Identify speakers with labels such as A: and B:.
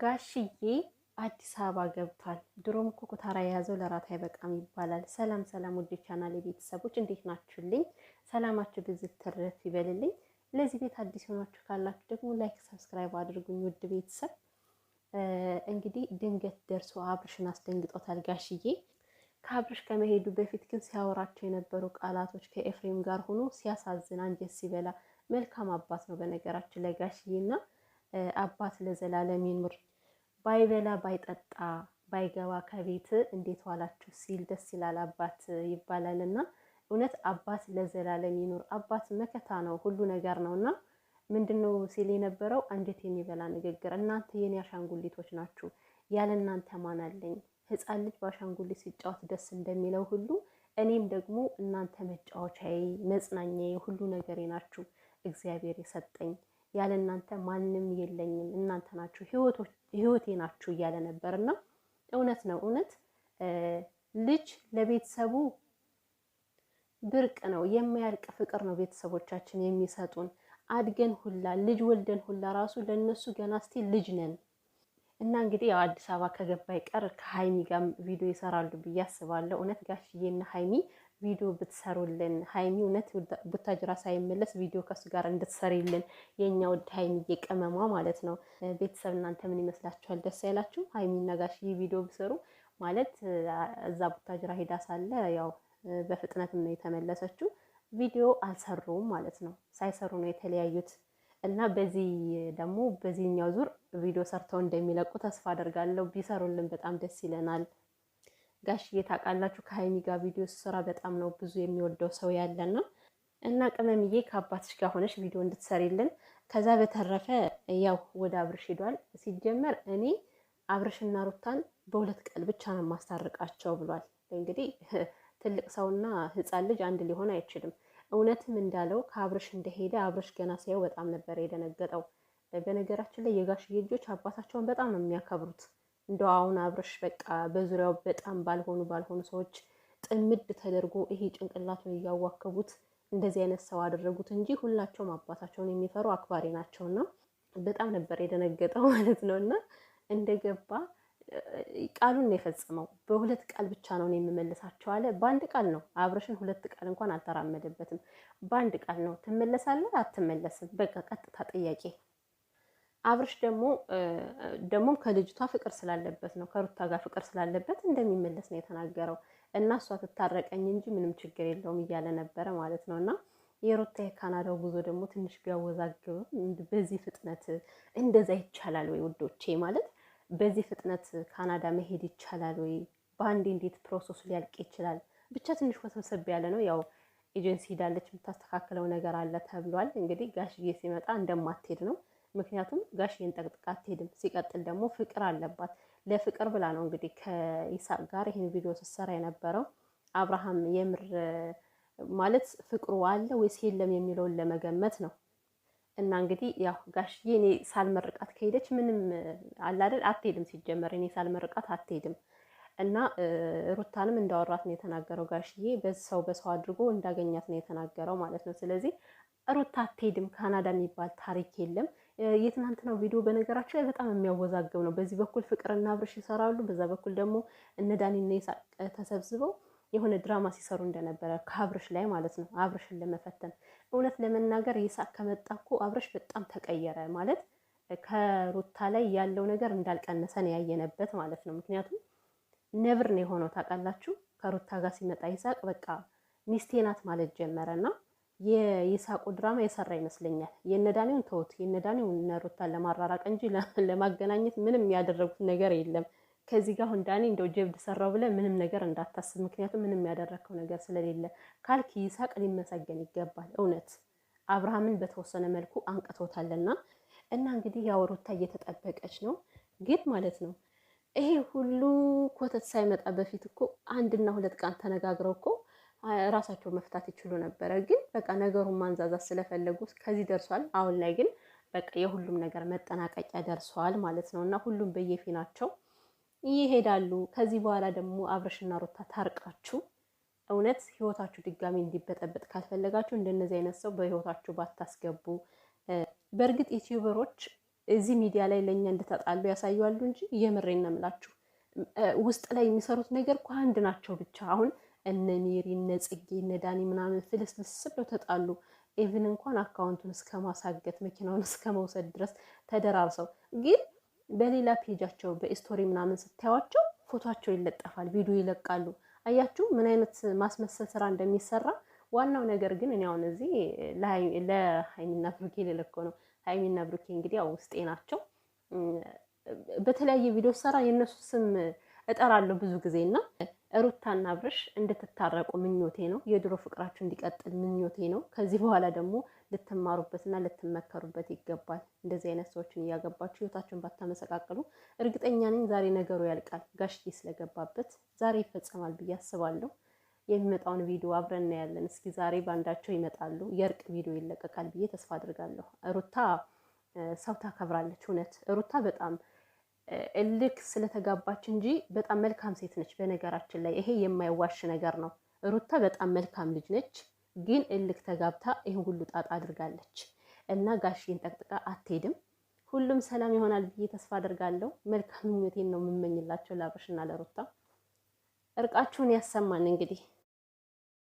A: ጋሽዬ አዲስ አበባ ገብቷል። ድሮም እኮ ኩታራ የያዘው ለራት አይበቃም ይባላል። ሰላም ሰላም፣ ውድ ቻናል የቤተሰቦች እንዴት ናችሁልኝ? ሰላማችሁ ብዝት ይበልልኝ። ለዚህ ቤት አዲስ የሆናችሁ ካላችሁ ደግሞ ላይክ፣ ሰብስክራይብ አድርጉኝ። ውድ ቤተሰብ እንግዲህ ድንገት ደርሶ አብርሽን አስደንግጦታል ጋሽዬ። ከአብርሽ ከመሄዱ በፊት ግን ሲያወራቸው የነበሩ ቃላቶች ከኤፍሬም ጋር ሆኖ ሲያሳዝን፣ አንጀት ሲበላ መልካም አባት ነው በነገራችን ላይ ጋሽዬ እና አባት ለዘላለም ይኑር። ባይበላ ባይጠጣ ባይገባ ከቤት እንዴት ዋላችሁ ሲል ደስ ይላል አባት ይባላል እና እውነት አባት ለዘላለም ይኑር። አባት መከታ ነው፣ ሁሉ ነገር ነው እና ምንድን ነው ሲል የነበረው አንጀት የሚበላ ንግግር። እናንተ የኔ አሻንጉሊቶች ናችሁ፣ ያለ እናንተ ማን አለኝ? ልጅ በአሻንጉሊት ሲጫወት ደስ እንደሚለው ሁሉ እኔም ደግሞ እናንተ መጫወቻዬ፣ መጽናኛዬ፣ ሁሉ ነገሬ ናችሁ እግዚአብሔር የሰጠኝ ያለ እናንተ ማንም የለኝም፣ እናንተ ናችሁ ህይወቴ ናችሁ እያለ ነበር እና እውነት ነው። እውነት ልጅ ለቤተሰቡ ብርቅ ነው፣ የማያልቅ ፍቅር ነው ቤተሰቦቻችን የሚሰጡን። አድገን ሁላ ልጅ ወልደን ሁላ ራሱ ለእነሱ ገና እስቲ ልጅ ነን እና እንግዲህ ያው አዲስ አበባ ከገባ ይቀር ከሀይሚ ጋር ቪዲዮ ይሰራሉ ብዬ አስባለሁ። እውነት ጋሽዬና ሀይሚ ቪዲዮ ብትሰሩልን ሀይሚ እውነት ቡታጅራ ሳይመለስ ቪዲዮ ከሱ ጋር እንድትሰሪልን የእኛ ውድ ሀይሚ እየቀመሟ ማለት ነው። ቤተሰብ እናንተ ምን ይመስላችኋል? ደስ ያላችሁ ሀይሚና ይህ ቪዲዮ ብሰሩ ማለት እዛ ቡታጅራ ሄዳ ሳለ ያው በፍጥነትም ነው የተመለሰችው። ቪዲዮ አልሰሩም ማለት ነው። ሳይሰሩ ነው የተለያዩት እና በዚህ ደግሞ በዚህኛው ዙር ቪዲዮ ሰርተው እንደሚለቁ ተስፋ አደርጋለሁ። ቢሰሩልን በጣም ደስ ይለናል። ጋሽዬ ታውቃላችሁ ከሀይሚ ጋር ቪዲዮ ስራ በጣም ነው ብዙ የሚወደው ሰው ያለና እና ቅመምዬ ከአባትሽ ጋር ሆነሽ ቪዲዮ እንድትሰሪልን። ከዛ በተረፈ ያው ወደ አብርሽ ሄዷል። ሲጀመር እኔ አብርሽና ሩታን በሁለት ቀን ብቻ ነው ማስታርቃቸው ብሏል። እንግዲህ ትልቅ ሰውና ሕፃን ልጅ አንድ ሊሆን አይችልም። እውነትም እንዳለው ከአብርሽ እንደሄደ አብርሽ ገና ሲያየው በጣም ነበር የደነገጠው። በነገራችን ላይ የጋሽዬ ልጆች አባታቸውን በጣም ነው የሚያከብሩት። እንደው አሁን አብረሽ በቃ በዙሪያው በጣም ባልሆኑ ባልሆኑ ሰዎች ጥምድ ተደርጎ ይሄ ጭንቅላቱን እያዋከቡት እንደዚህ አይነት ሰው አደረጉት እንጂ ሁላቸውም አባታቸውን የሚፈሩ አክባሪ ናቸውና በጣም ነበር የደነገጠው ማለት ነው። እና እንደገባ ቃሉን ነው የፈጸመው። በሁለት ቃል ብቻ ነው የምመልሳቸው አለ። በአንድ ቃል ነው አብረሽን፣ ሁለት ቃል እንኳን አልተራመደበትም። በአንድ ቃል ነው ትመለሳለህ፣ አትመለስም። በቃ ቀጥታ ጥያቄ አብርሽ ደግሞ ደግሞም ከልጅቷ ፍቅር ስላለበት ነው ከሩታ ጋር ፍቅር ስላለበት እንደሚመለስ ነው የተናገረው። እና እሷ ትታረቀኝ እንጂ ምንም ችግር የለውም እያለ ነበረ ማለት ነው። እና የሩታ የካናዳው ጉዞ ደግሞ ትንሽ ቢያወዛግብም በዚህ ፍጥነት እንደዛ ይቻላል ወይ ውዶቼ? ማለት በዚህ ፍጥነት ካናዳ መሄድ ይቻላል ወይ? በአንዴ እንዴት ፕሮሰሱ ሊያልቅ ይችላል? ብቻ ትንሽ ወሰብሰብ ያለ ነው ያው ኤጀንሲ ሄዳለች የምታስተካክለው ነገር አለ ተብሏል። እንግዲህ ጋሽዬ ሲመጣ እንደማትሄድ ነው ምክንያቱም ጋሽዬን ጠቅጥቃ አትሄድም። ሲቀጥል ደግሞ ፍቅር አለባት። ለፍቅር ብላ ነው እንግዲህ ከኢሳቅ ጋር ይህን ቪዲዮ ስትሰራ የነበረው። አብርሃም የምር ማለት ፍቅሩ አለ ወይስ የለም የሚለውን ለመገመት ነው። እና እንግዲህ ያው ጋሽዬ እኔ ሳልመርቃት ከሄደች ምንም አላደል አትሄድም። ሲጀመር እኔ ሳልመርቃት አትሄድም። እና ሩታንም እንዳወራት ነው የተናገረው ጋሽዬ። በሰው በሰው አድርጎ እንዳገኛት ነው የተናገረው ማለት ነው። ስለዚህ ሩታ አትሄድም። ካናዳ የሚባል ታሪክ የለም። የትናንትናው ቪዲዮ በነገራችን ላይ በጣም የሚያወዛግብ ነው። በዚህ በኩል ፍቅርና አብርሽ ይሰራሉ፣ በዛ በኩል ደግሞ እነ ዳኒና ይሳቅ ተሰብስበው የሆነ ድራማ ሲሰሩ እንደነበረ ከአብርሽ ላይ ማለት ነው። አብርሽን ለመፈተን እውነት ለመናገር ይሳቅ ከመጣ እኮ አብርሽ በጣም ተቀየረ ማለት ከሩታ ላይ ያለው ነገር እንዳልቀነሰን ያየነበት ማለት ነው። ምክንያቱም ነብር ነው የሆነው ታውቃላችሁ። ከሩታ ጋር ሲመጣ ይሳቅ በቃ ሚስቴ ናት ማለት ጀመረና የይሳቁ ድራማ የሰራ ይመስለኛል። የነዳኔውን ተውት፣ የነዳኔውን እነሩታን ለማራራቅ እንጂ ለማገናኘት ምንም ያደረጉት ነገር የለም። ከዚህ ጋር አሁን ዳኔ እንደው ጀብድ ሰራው ብለ ምንም ነገር እንዳታስብ፣ ምክንያቱም ምንም ያደረግከው ነገር ስለሌለ ካልክ ይሳቅ ሊመሰገን ይገባል። እውነት አብርሃምን በተወሰነ መልኩ አንቅቶታልና እና እንግዲህ ያው ሩታ እየተጠበቀች ነው ግን ማለት ነው ይሄ ሁሉ ኮተት ሳይመጣ በፊት እኮ አንድና ሁለት ቀን ተነጋግረው እኮ ራሳቸው መፍታት ይችሉ ነበረ። ግን በቃ ነገሩን ማንዛዛት ስለፈለጉ ከዚህ ደርሷል። አሁን ላይ ግን በቃ የሁሉም ነገር መጠናቀቂያ ደርሷል ማለት ነው እና ሁሉም በየፊናቸው ይሄዳሉ። ከዚህ በኋላ ደግሞ አብረሽና ሩታ ታርቃችሁ እውነት ህይወታችሁ ድጋሚ እንዲበጠበጥ ካልፈለጋችሁ እንደነዚህ አይነት ሰው በህይወታችሁ ባታስገቡ። በእርግጥ ዩቲዩበሮች እዚህ ሚዲያ ላይ ለእኛ እንደተጣሉ ያሳያሉ እንጂ እየምሬን ነው የምላችሁ ውስጥ ላይ የሚሰሩት ነገር እኮ አንድ ናቸው ብቻ አሁን እነ ሜሪ እነ ጽጌ እነ ዳኒ ምናምን ፍልስልስ ብለው ተጣሉ። ኤቭን እንኳን አካውንቱን እስከ ማሳገት መኪናውን እስከ መውሰድ ድረስ ተደራርሰው፣ ግን በሌላ ፔጃቸው በኢስቶሪ ምናምን ስታያቸው ፎቷቸው ይለጠፋል፣ ቪዲዮ ይለቃሉ። አያችሁ ምን አይነት ማስመሰል ስራ እንደሚሰራ። ዋናው ነገር ግን እኔ አሁን እዚህ ለሀይሚና ብሩኬ ልልኮ ነው። ሀይሚና ብሩኬ እንግዲህ ያው ውስጤ ናቸው። በተለያየ ቪዲዮ ሰራ የእነሱ ስም እጠራለሁ ብዙ ጊዜ እና ሩታና አብርሽ እንድትታረቁ ምኞቴ ነው። የድሮ ፍቅራችሁ እንዲቀጥል ምኞቴ ነው። ከዚህ በኋላ ደግሞ ልትማሩበትና ልትመከሩበት ይገባል። እንደዚህ አይነት ሰዎችን እያገባችሁ ህይወታችሁን ባታመሰቃቅሉ። እርግጠኛ ነኝ ዛሬ ነገሩ ያልቃል። ጋሽዬ ስለገባበት ዛሬ ይፈጸማል ብዬ አስባለሁ። የሚመጣውን ቪዲዮ አብረን እናያለን። እስኪ ዛሬ ባንዳቸው ይመጣሉ፣ የእርቅ ቪዲዮ ይለቀቃል ብዬ ተስፋ አድርጋለሁ። ሩታ ሰው ታከብራለች። እውነት ሩታ በጣም እልክ ስለተጋባች እንጂ በጣም መልካም ሴት ነች። በነገራችን ላይ ይሄ የማይዋሽ ነገር ነው። ሩታ በጣም መልካም ልጅ ነች፣ ግን እልክ ተጋብታ ይህን ሁሉ ጣጣ አድርጋለች እና ጋሽ ጠቅጥቃ አትሄድም። ሁሉም ሰላም ይሆናል ብዬ ተስፋ አድርጋለሁ። መልካም ምኞቴን ነው የምመኝላቸው ለአብርሽና ለሩታ። እርቃችሁን ያሰማን እንግዲህ